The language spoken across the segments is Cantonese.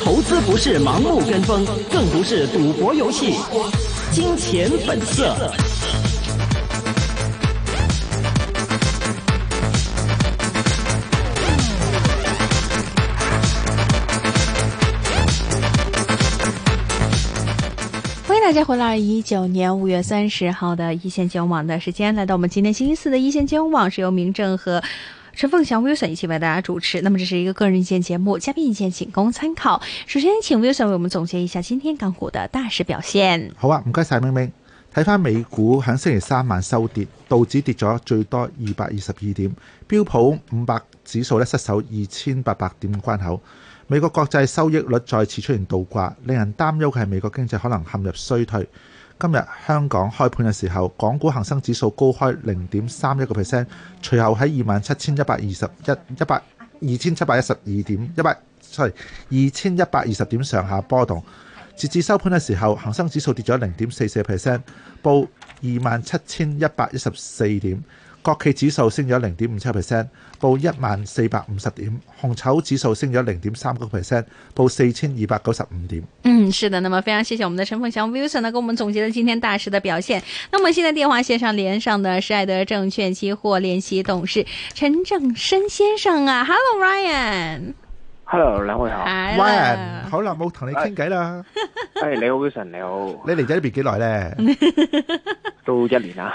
投資不是盲目跟風，更不是賭博遊戲。金錢本色。歡迎大家回來！一九年五月三十號的一線金融網的時間，來到我們今天星期四的一線金融網，是由明正和。陳鳳祥 Wilson 一起為大家主持，那麼這是一個個人意見節目，嘉賓意見僅供參考。首先，請 Wilson 為我們總結一下今天港股的大市表現。好啊，唔該晒，明明睇翻美股喺星期三晚收跌，道指跌咗最多二百二十二點，標普五百指數呢，失守二千八百點關口。美國國債收益率再次出現倒掛，令人擔憂嘅係美國經濟可能陷入衰退。今日香港開盤嘅時候，港股恒生指數高開零點三一個 percent，隨後喺二萬七千一百二十一一百二千七百一十二點一百二千一百二十點上下波動。截至收盤嘅時候，恒生指數跌咗零點四四個 percent，報二萬七千一百一十四點。國企指數升咗零點五七 percent，報一萬四百五十點；紅籌指數升咗零點三個 percent，報四千二百九十五點。嗯，是的，那麼非常謝謝我們的陳鳳祥 Wilson 呢，給我們總結了今天大市的表現。那麼現在電話線上連上的是愛德證券期貨聯席董事陳正申先生啊，Hello Ryan，Hello 兩位好，Ryan，Hello. 好啦，冇同你傾偈啦，l 你好 Wilson，你好，你嚟咗呢邊幾耐咧？都 一年啦。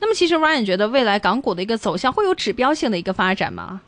那麼，其實 Ryan 覺得未來港股的一個走向會有指標性的一個發展嗎？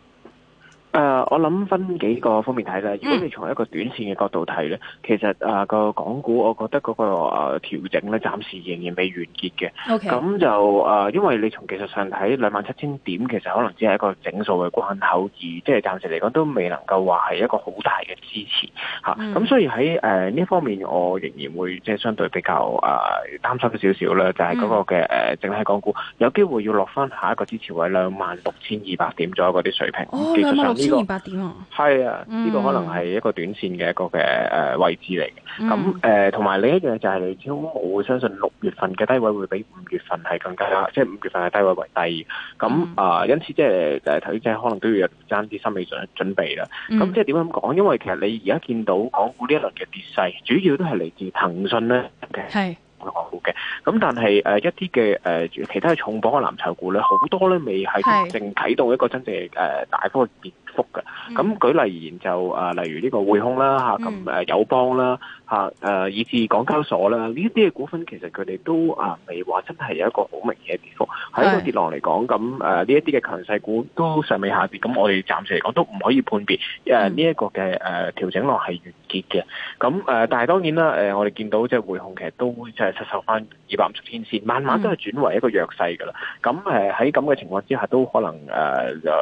誒、呃，我諗分幾個方面睇啦。如果你從一個短線嘅角度睇咧，嗯、其實誒、呃那個港股，我覺得嗰、那個誒、呃、調整咧，暫時仍然未完結嘅。咁 Okay. 就誒、呃，因為你從技術上睇，兩萬七千點其實可能只係一個整數嘅關口，而即係暫時嚟講都未能夠話係一個好大嘅支持嚇咁、嗯啊、所以喺誒呢方面，我仍然會即係相對比較誒、呃、擔心少少啦。就係、是、嗰個嘅、嗯呃、整體港股有機會要落翻下一個支持位兩萬六千二百點左右嗰啲水平。哦技二八、這個、點啊，啊，呢、這個可能係一個短線嘅一個嘅誒位置嚟嘅。咁誒同埋另一樣嘢就係，你知，我會相信六月份嘅低位會比五月份係更加，即係五月份嘅低位為低。咁啊、嗯呃，因此即係誒投資者可能都要有爭啲心理準準備啦。咁即係點樣講？因為其實你而家見到港股呢一輪嘅跌勢，主要都係嚟自騰訊咧嘅，唔係港股嘅。咁但係誒、呃、一啲嘅誒其他重磅嘅藍籌股咧，好多咧未係正睇到一個真正誒、呃、大幅嘅跌嘅，咁、嗯、舉例而言就、啊、例如呢個匯控啦，咁誒友邦啦、啊啊、以至港交所啦，呢一啲嘅股份其實佢哋都、嗯、啊未話真係有一個好明顯嘅跌幅，喺、嗯、一個跌浪嚟講，咁呢一啲嘅強勢股都尚未下跌，咁我哋暫時嚟講都唔可以判別呢一個嘅誒調整浪係完結嘅，咁、啊、誒但係當然啦、啊、我哋見到即係匯控其實都即係失守翻二百五十天線，慢慢都係轉為一個弱勢噶啦，咁喺咁嘅情況之下都可能、啊啊、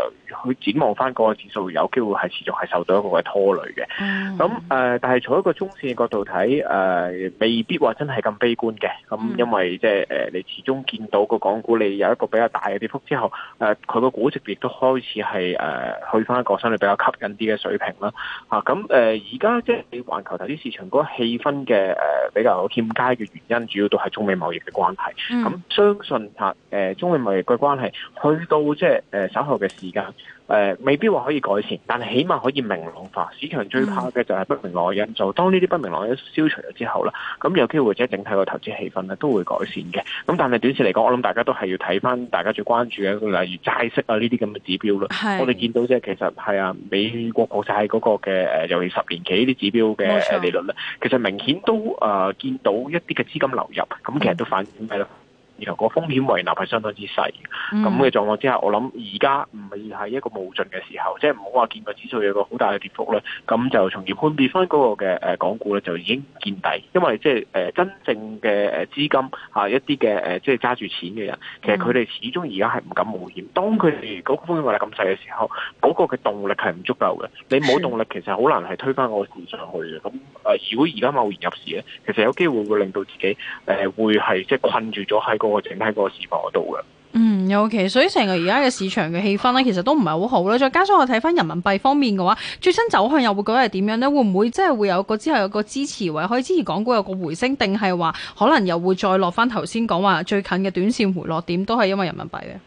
去展望翻個。數有機會係持續係受到一個嘅拖累嘅，咁誒、mm hmm. 嗯，但係從一個中線角度睇，誒、呃，未必話真係咁悲觀嘅，咁、嗯 mm hmm. 因為即係誒，你始終見到個港股，你有一個比較大嘅跌幅之後，誒、呃，佢個估值亦都開始係誒、呃，去返一個相對比較吸引啲嘅水平啦，嚇、啊，咁、呃、誒，而家即係你環球投資市場嗰個氣氛嘅誒、呃，比較欠佳嘅原因，主要都係中美貿易嘅關係，咁、mm hmm. 嗯、相信嚇誒、呃，中美貿易嘅關係去到即係誒稍後嘅時間。誒、呃、未必話可以改善，但係起碼可以明朗化。市場最怕嘅就係不明朗因素。當呢啲不明朗因素消除咗之後啦，咁有機會即係整體個投資氣氛咧都會改善嘅。咁但係短期嚟講，我諗大家都係要睇翻大家最關注嘅，例如債息啊呢啲咁嘅指標啦。是我哋見到即係其實係啊美國國債嗰個嘅誒，尤其十年期呢啲指標嘅利率咧，錯其實明顯都啊、呃、見到一啲嘅資金流入，咁其實都反映嘅咯、嗯。然後個風險胃納係相當之細嘅，咁嘅狀況之下，我諗而家唔係係一個冒進嘅時候，即係唔好話見個指數有個好大嘅跌幅咧，咁就從而判別翻嗰個嘅誒港股咧就已經見底，因為即係誒真正嘅誒資金嚇一啲嘅誒即係揸住錢嘅人，其實佢哋始終而家係唔敢冒險。當佢哋嗰個風險胃納咁細嘅時候，嗰、那個嘅動力係唔足夠嘅。你冇動力，其實好難係推翻個市上去嘅。咁誒，如果而家貿然入市咧，其實有機會會令到自己誒會係即係困住咗喺我整喺嗰個市況嗰度嘅，嗯，OK，所以成個而家嘅市場嘅氣氛咧，其實都唔係好好咧。再加上我睇翻人民幣方面嘅話，最新走向又會覺得係點樣咧？會唔會即係會有個之後有個支持位可以支持港股有個回升？定係話可能又會再落翻頭先講話最近嘅短線回落點，都係因為人民幣咧？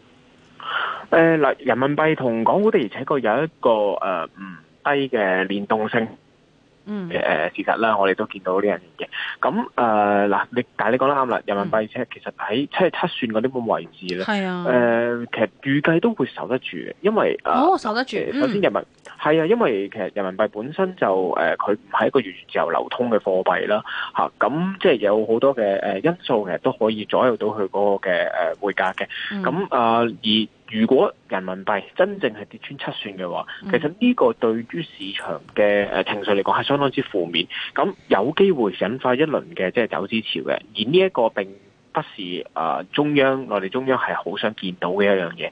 誒，嗱，人民幣同港股的而且確有一個誒，嗯、呃，唔低嘅聯動性。嗯，事實啦，我哋都見到呢樣嘢。咁嗱、呃，你但係你講得啱啦，人民幣即係其實喺七係測算嗰啲咁位置咧，其實預計都會守得住嘅，因為、呃哦、守得住，嗯、首先人民係啊，因為其實人民幣本身就佢唔係一個完全自由流通嘅貨幣啦，咁、啊嗯、即係有好多嘅因素其實都可以左右到佢嗰個嘅匯價嘅，咁啊、呃、而。如果人民幣真正係跌穿七算嘅話，其實呢個對於市場嘅誒情緒嚟講係相當之負面，咁有機會引發一輪嘅即係走資潮嘅，而呢一個並不是，誒中央、內地中央係好想見到嘅一樣嘢。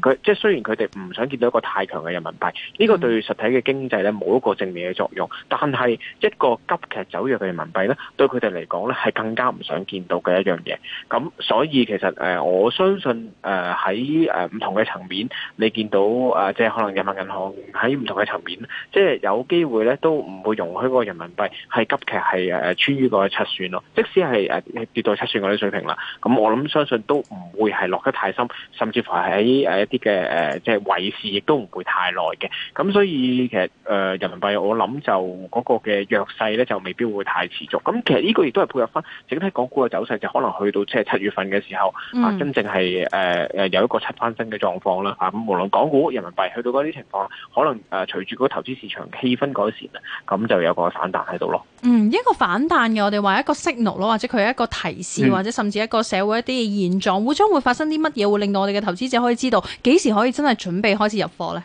佢即係雖然佢哋唔想見到一個太強嘅人民幣呢、mm. 個對實體嘅經濟咧冇一個正面嘅作用，但係一個急劇走弱嘅人民幣咧對佢哋嚟講咧係更加唔想見到嘅一樣嘢。咁、啊、所以其實誒、呃、我相信誒喺唔同嘅層面，你見到誒、呃、即係可能人民銀行喺唔同嘅層面，即係有機會咧都唔會容許個人民幣係急劇係誒穿於個七算咯。即使係跌到七算啲水平。咁我諗相信都唔會係落得太深，甚至乎喺誒一啲嘅誒即係位市亦都唔會太耐嘅。咁所以其實誒、呃、人民幣我諗就嗰個嘅弱勢咧就未必會太持續。咁其實呢個亦都係配合翻整體港股嘅走勢，就可能去到即係七月份嘅時候、嗯、啊，真正係誒誒有一個七翻身嘅狀況啦。啊，無論港股、人民幣去到嗰啲情況，可能誒隨住嗰個投資市場氣氛改善啦，咁就有一個反彈喺度咯。嗯，一個反彈嘅我哋話一個 signal 咯，或者佢一個提示，或者甚。一個社會一啲現狀，會將會發生啲乜嘢，會令到我哋嘅投資者可以知道，幾時可以真係準備開始入貨呢？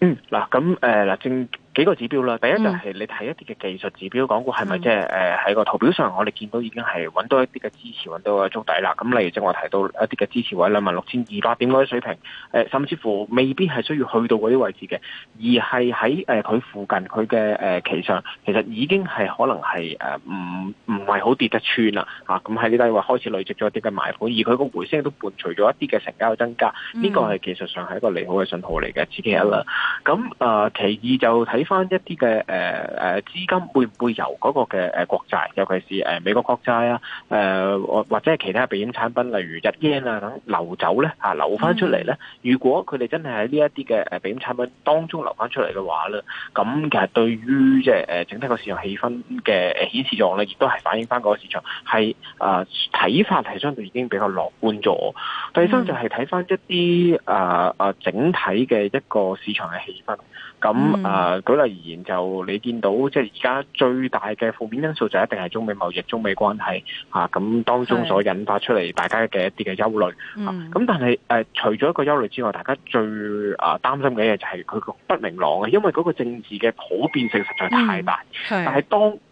嗯，嗱，咁誒，嗱，正。幾個指標啦，第一就係你睇一啲嘅技術指標，港股係咪即係誒喺個圖表上，我哋見到已經係揾到一啲嘅支持，揾到個觸底啦。咁例如正話提到一啲嘅支持位兩萬六千二百點嗰啲水平，誒、呃、甚至乎未必係需要去到嗰啲位置嘅，而係喺誒佢附近，佢嘅誒其實其實已經係可能係誒唔唔係好跌得穿啦。嚇、啊，咁喺呢度位開始累積咗一啲嘅買盤，而佢個回升都伴隨咗一啲嘅成交增加，呢、嗯、個係技術上係一個利好嘅信號嚟嘅，自己一啦。咁、呃、誒其二就睇翻一啲嘅誒誒資金會唔會由嗰個嘅誒國債，尤其是誒美國國債啊，誒、呃、或者係其他嘅避險產品，例如日圓啊等流走咧嚇、啊、流翻出嚟咧？嗯、如果佢哋真係喺呢一啲嘅誒避險產品當中流翻出嚟嘅話咧，咁其實對於即係誒整體個市場氣氛嘅顯示狀咧，亦都係反映翻個市場係啊睇法係相對已經比較樂觀咗。第三就係睇翻一啲啊啊整體嘅一個市場嘅氣氛。咁啊、嗯呃，舉例而言就你見到即係而家最大嘅負面因素就一定係中美貿易、中美關係啊，咁當中所引發出嚟大家嘅一啲嘅憂慮。咁、嗯啊、但係、呃、除咗一個憂慮之外，大家最啊擔心嘅嘢就係佢個不明朗嘅，因為嗰個政治嘅普遍性實在太大，嗯、但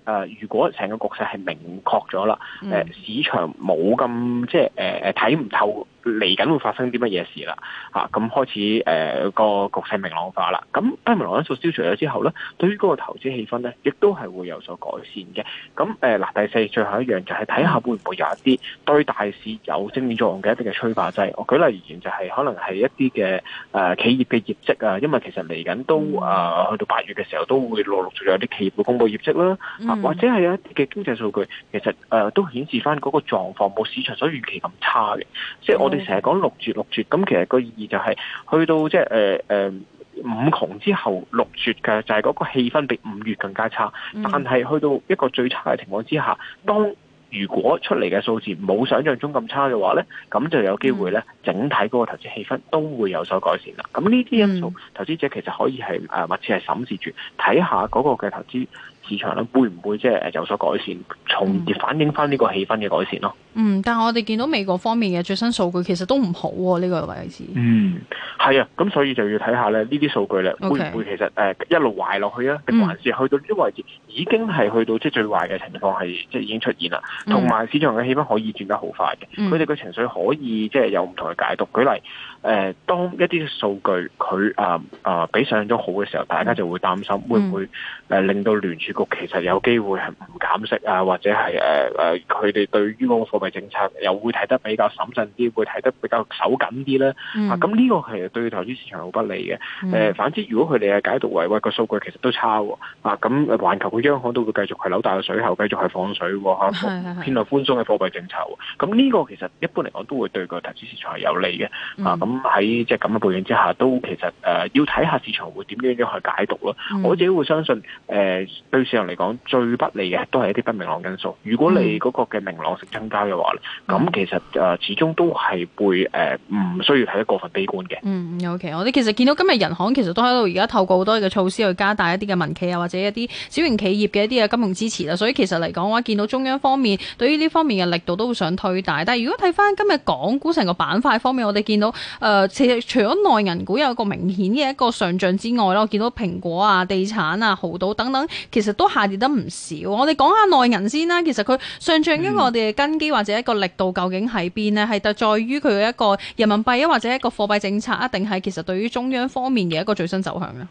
誒，如果成個局勢係明確咗啦，嗯、市場冇咁即係睇唔透嚟緊會發生啲乜嘢事啦，咁、啊、開始誒、呃那個局勢明朗化啦。咁不明朗因素消除咗之後咧，對於嗰個投資氣氛咧，亦都係會有所改善嘅。咁誒嗱，第四最後一樣就係睇下會唔會有一啲對大市有正面作用嘅一啲嘅催化劑。我舉例而言就係可能係一啲嘅誒企業嘅業績啊，因為其實嚟緊都啊、呃、去到八月嘅時候都會陸陸續續有啲企業會公布業績啦。嗯啊或者係有一啲嘅經濟數據，其實誒、呃、都顯示翻嗰個狀況冇市場所預期咁差嘅。即係我哋成日講六絕六絕，咁其實個意義就係、是、去到即係誒誒五窮之後六絕嘅，就係嗰個氣氛比五月更加差。但係去到一個最差嘅情況之下，當如果出嚟嘅數字冇想像中咁差嘅話咧，咁就有機會咧，嗯、整體嗰個投資氣氛都會有所改善啦。咁呢啲因素，嗯、投資者其實可以係誒、啊，或者係審視住睇下嗰個嘅投資。市場咧會唔會即係有所改善，從而反映翻呢個氣氛嘅改善咯？嗯，但係我哋見到美國方面嘅最新數據其實都唔好呢、啊呢個位置。嗯，係啊，咁所以就要睇下咧，呢啲數據咧會唔會其實誒一路壞落去啊，定 Okay. 還是去到呢個位置已經係去到壞、嗯、即係最壞嘅情況係即係已經出現啦。同埋市場嘅氣氛可以轉得好快嘅，佢哋嘅情緒可以即係有唔同嘅解讀。舉例，誒、呃、當一啲數據佢啊啊比上咗好嘅時候，大家就會擔心會唔會誒令到聯儲。個其實有機會係唔減息啊，或者係誒誒，佢、啊、哋對於嗰個貨幣政策又會睇得比較審慎啲，會睇得比較手緊啲咧。嗯、啊，咁呢個係對投資市場好不利嘅。誒、呃，嗯、反之，如果佢哋係解讀為為個數據其實都差喎。啊，咁環球嘅央行都會繼續係扭大個水喉，繼續係放水喎。啊、是是是偏向寬鬆嘅貨幣政策。咁、啊、呢個其實一般嚟講都會對個投資市場係有利嘅。嗯、啊，咁喺即係咁嘅背景之下，都其實誒、呃、要睇下市場會點樣樣去解讀咯。嗯、我自己會相信誒、呃、對。市場嚟講最不利嘅都係一啲不明朗因素。如果你嗰個嘅明朗性增加嘅話，咁、嗯、其實誒、呃、始終都係會誒唔、呃、需要睇得過分悲觀嘅。嗯，OK，我哋其實見到今日人行其實都喺度而家透過好多嘅措施去加大一啲嘅民企啊或者一啲小型企業嘅一啲嘅金融支持啦、啊。所以其實嚟講嘅話，見到中央方面對於呢方面嘅力度都會想推大。但係如果睇返今日港股成個板塊方面，我哋見到誒、呃，其實除咗內銀股有個明顯嘅一個上漲之外啦，我見到蘋果啊、地產啊、濠賭等等，其實。都下跌得唔少，我哋講下內銀先啦。其實佢上漲於我哋根基或者一個力度究竟喺邊呢？係特在於佢嘅一個人民幣啊，或者一個貨幣政策啊，定係其實對於中央方面嘅一個最新走向咧？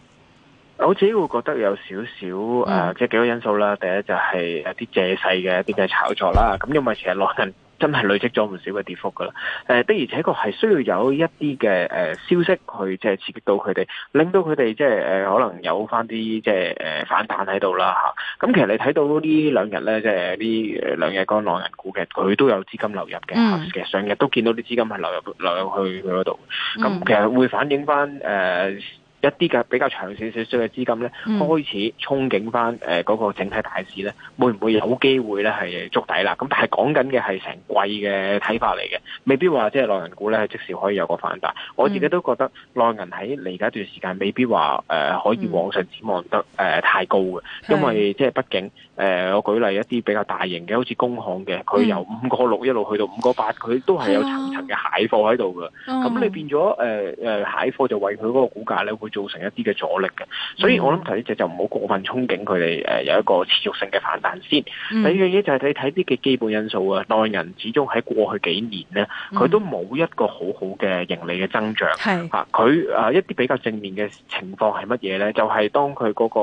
我自己會覺得有少少誒、呃，即係幾個因素啦。第一就係有啲借勢嘅，一啲嘅炒作啦。咁因為其實內銀真係累積咗唔少嘅跌幅噶啦，誒、呃、的而且確係需要有一啲嘅，呃、消息去即係刺激到佢哋，令到佢哋即係，呃、可能有翻啲即係，呃、反彈喺度啦吓。咁其實你睇到呢兩日咧，即係呢兩日嗰兩人股嘅，佢都有資金流入嘅，mm. 其實上日都見到啲資金係流入流入去佢嗰度，咁，嗯嗯、其實會反映翻誒。呃一啲嘅比較長少少少嘅資金咧，開始憧憬翻誒嗰個整體大市咧，會唔會有機會咧係捉底啦？咁但係講緊嘅係成季嘅睇法嚟嘅，未必話即係內銀股咧，即時可以有個反彈。我自己都覺得內銀喺嚟緊一段時間，未必話誒可以往上展望得誒太高嘅，因為即係畢竟誒我舉例一啲比較大型嘅，好似工行嘅，佢由五個六一路去到五個八，佢都係有層層嘅蟹貨喺度嘅。咁你變咗誒誒蟹貨就為佢嗰個股價咧會。造成一啲嘅阻力嘅，所以我諗投資者就唔好過分憧憬佢哋誒有一個持續性嘅反彈先。嗯、第二樣嘢就係你睇啲嘅基本因素啊，內銀始終喺過去幾年咧，佢、嗯、都冇一個很好好嘅盈利嘅增長吓。佢誒是一啲比較正面嘅情況係乜嘢咧？就係、是、當佢嗰個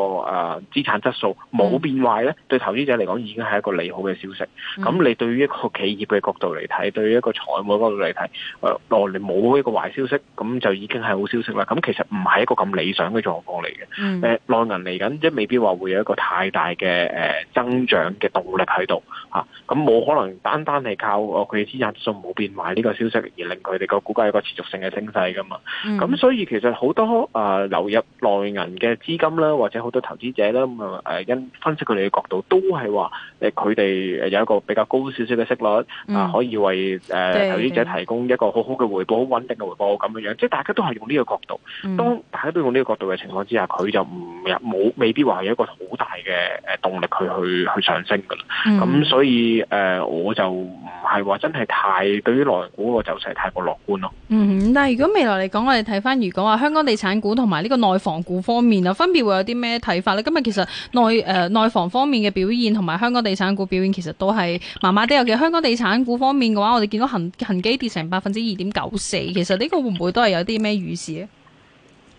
資產質素冇變壞咧，嗯、對投資者嚟講已經係一個利好嘅消息。咁、嗯、你對於一個企業嘅角度嚟睇，對於一個財務嘅角度嚟睇，誒落嚟冇一個壞消息，咁就已經係好消息啦。咁其實唔係一咁理想嘅狀況嚟嘅，誒、嗯呃，內銀嚟緊即未必話會有一個太大嘅誒、呃、增長嘅動力喺度吓，咁、啊、冇可能單單係靠佢資產數冇變壞呢個消息而令佢哋個股價有個持續性嘅升勢噶嘛，咁、嗯、所以其實好多誒、呃、流入內銀嘅資金啦，或者好多投資者啦，咁啊誒因分析佢哋嘅角度都係話誒佢哋有一個比較高少少嘅息率啊、嗯呃，可以為誒、呃、是的 投資者提供一個好好嘅回報、好穩定嘅回報咁樣樣，即係大家都係用呢個角度，當、嗯。喺對望呢個角度嘅情況之下，佢就唔冇，未必話有一個好大嘅誒動力去去去上升噶啦。咁、嗯嗯、所以誒，我就唔係話真係太對於內股個走勢太過樂觀咯。嗯，但係如果未來嚟講，我哋睇翻，如果話香港地產股同埋呢個內房股方面啊，分別會有啲咩睇法呢？今日其實內誒、呃、內房方面嘅表現同埋香港地產股表現，其實都係麻麻地嘅。香港地產股方面嘅話，我哋見到恒恆基跌成百分之二點九四，其實呢個會唔會都係有啲咩預示咧？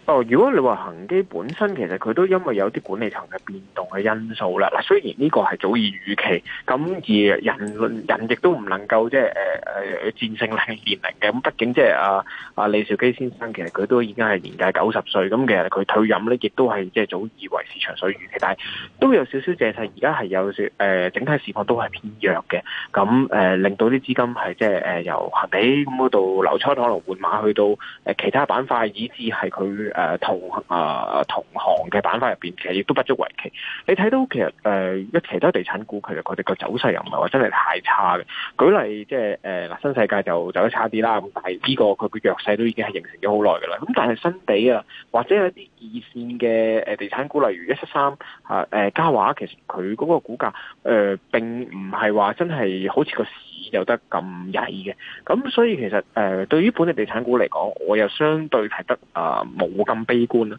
哦，如果你話恒基本身，其實佢都因為有啲管理層嘅變動嘅因素啦。嗱，雖然呢個係早已預期，咁而人人亦都唔能夠即係誒誒戰勝年齡嘅。咁畢竟即係阿阿李兆基先生，其實佢都已經係年屆九十歲，咁、嗯、其實佢退任咧，亦都係即係早已為市場所預期。但係都有少少借勢，而家係有少誒、呃、整體市況都係偏弱嘅，咁、嗯、誒、呃、令到啲資金係即係誒由恒基咁嗰度流出，可能換馬去到誒其他板塊，以至係佢。誒同誒同行嘅板塊入邊其實亦都不足為奇。你睇到其實誒一、呃、其他地產股，其實佢哋個走勢又唔係話真係太差嘅。舉例即係誒新世界就走得差啲啦，咁但係呢個佢個弱勢都已經係形成咗好耐㗎啦。咁但係新地啊，或者一啲二線嘅地產股，例如一七三嚇誒嘉華，其實佢嗰個股價誒、呃、並唔係話真係好似個。有得咁曳嘅，咁所以其實誒、呃、對於本地地產股嚟講，我又相對係得啊冇咁悲觀啦。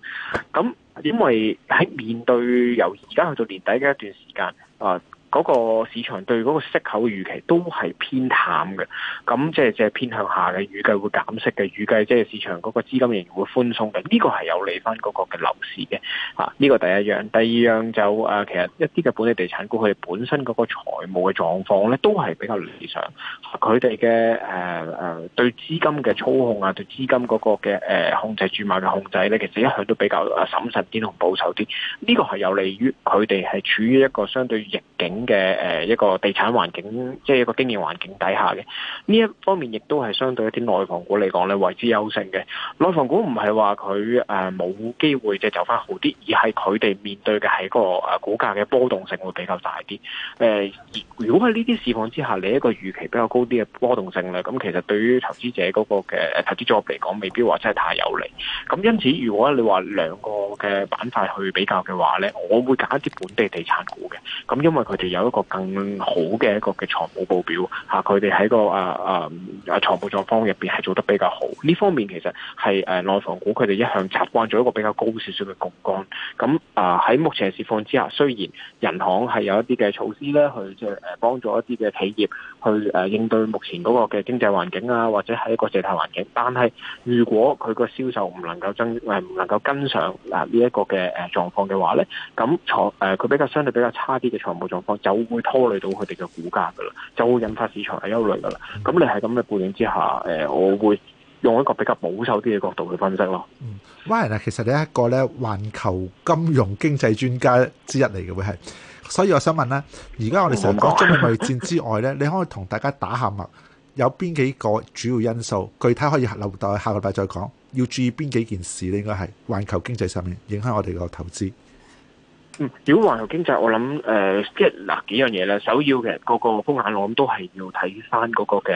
咁因為喺面對由而家去到年底嘅一段時間。啊、呃。嗰個市場對嗰個息口預期都係偏淡嘅，咁即係即係偏向下嘅，預計會減息嘅，預計即係市場嗰個資金仍然會寬鬆嘅，呢、這個係有利返嗰個嘅樓市嘅，呢、啊這個第一樣，第二樣就、啊、其實一啲嘅本地地產股佢本身嗰個財務嘅狀況呢都係比較理想，佢哋嘅對資金嘅操控呀、啊，對資金嗰、那個嘅、呃、控制注碼嘅控制呢，其實一向都比較審慎啲同保守啲，呢、這個係有利於佢哋係處於一個相對逆境嘅誒一個地產環境，即、就、係、是、一個經營環境底下嘅呢一方面，亦都係相對一啲內房股嚟講咧，為之優勝嘅。內房股唔係話佢誒冇機會即係走翻好啲，而係佢哋面對嘅係個誒、啊、股價嘅波動性會比較大啲。誒、呃，如果喺呢啲市況之下，你一個預期比較高啲嘅波動性咧，咁其實對於投資者嗰個嘅、啊、投資組合嚟講，未必話真係太有利。咁因此，如果你話兩個嘅板塊去比較嘅話咧，我會揀一啲本地地產股嘅，咁因為佢哋，有一個更好嘅一個嘅財務報表嚇，佢哋喺個啊啊財務狀況入邊係做得比較好。呢方面其實係誒、呃、內房股，佢哋一向習慣咗一個比較高少少嘅槓桿。咁啊喺、啊、目前嘅情況之下，雖然人行係有一啲嘅措施咧，去即係誒幫助一啲嘅企業去誒、啊、應對目前嗰個嘅經濟環境啊，或者係一個借貸環境。但係如果佢個銷售唔能夠增誒唔能夠跟上嗱呢一個嘅誒狀況嘅話咧，咁財誒佢、啊、比較相對比較差啲嘅財務狀況。就會拖累到佢哋嘅股價噶啦，就會引發市場嘅憂慮噶啦。咁你係咁嘅背景之下，誒，我會用一個比較保守啲嘅角度去分析咯、嗯。嗯 y n 啊，其實你係一個咧環球金融經濟專家之一嚟嘅會係，所以我想問咧、啊，而家我哋成日講中美貿易戰之外咧，沒你可以同大家打下脈， 有邊幾個主要因素？具體可以留待下個禮拜再講。要注意邊幾件事咧？應該係環球經濟上面影響我哋個投資。嗯，如果環球經濟，我諗誒，即係嗱幾樣嘢咧，首要嘅，嗰個風眼，我諗都係要睇翻嗰個嘅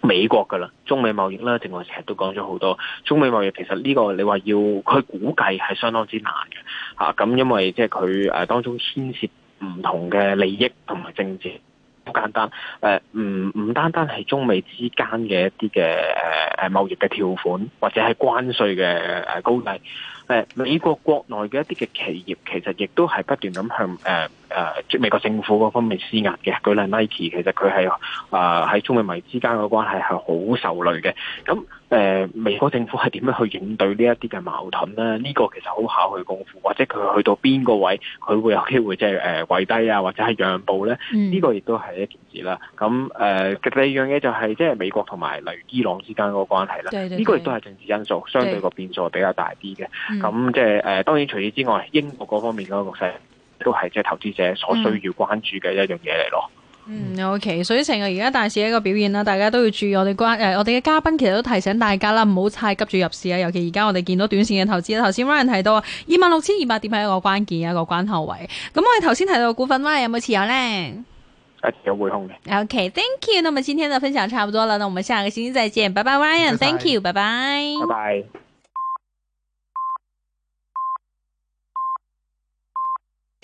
美國噶啦，中美貿易咧，正話成日都講咗好多，中美貿易其實呢個你話要，佢估計係相當之難嘅吓，咁、啊、因為即係佢誒當中牽涉唔同嘅利益同埋政治。好簡單，誒唔唔單單係中美之間嘅一啲嘅誒誒貿易嘅條款，或者係關稅嘅誒高低，誒、呃、美國國內嘅一啲嘅企業其實亦都係不斷咁向誒。呃誒、呃呃，美國政府嗰方面施壓嘅，舉例 Nike，其實佢係誒喺中美之間嘅關係係好受累嘅。咁誒，美國政府係點樣去應對呢一啲嘅矛盾咧？呢、這個其實好考佢功夫，或者佢去到邊個位，佢會有機會即係誒跪低啊，或者係讓步咧？呢、嗯、個亦都係一件事啦。咁誒、呃，第二樣嘢就係、是、即係美國同埋例如伊朗之間個關係啦。呢個亦都係政治因素，相對個變數係比較大啲嘅。咁即係誒，當然除此之外，英國嗰方面嗰個局勢。都係即係投資者所需要關注嘅一樣嘢嚟咯。嗯，OK，所以成個而家大市一個表現啦，大家都要注意我哋嘉、誒，我哋嘅嘉賓其實都提醒大家啦，唔好太急住入市啊。尤其而家我哋見到短線嘅投資啦，頭先 Ryan 提到二萬六千二百點係一個關鍵嘅一個關口位。咁我哋頭先提到股份，Ryan 有冇持有呢？有匯控嘅。OK，Thank you。咁啊，的 okay, you, 今天就分享差唔多啦，咁啊，下個星期再見，拜拜，Ryan，Thank you，拜拜。thank you, 拜拜。拜拜拜拜。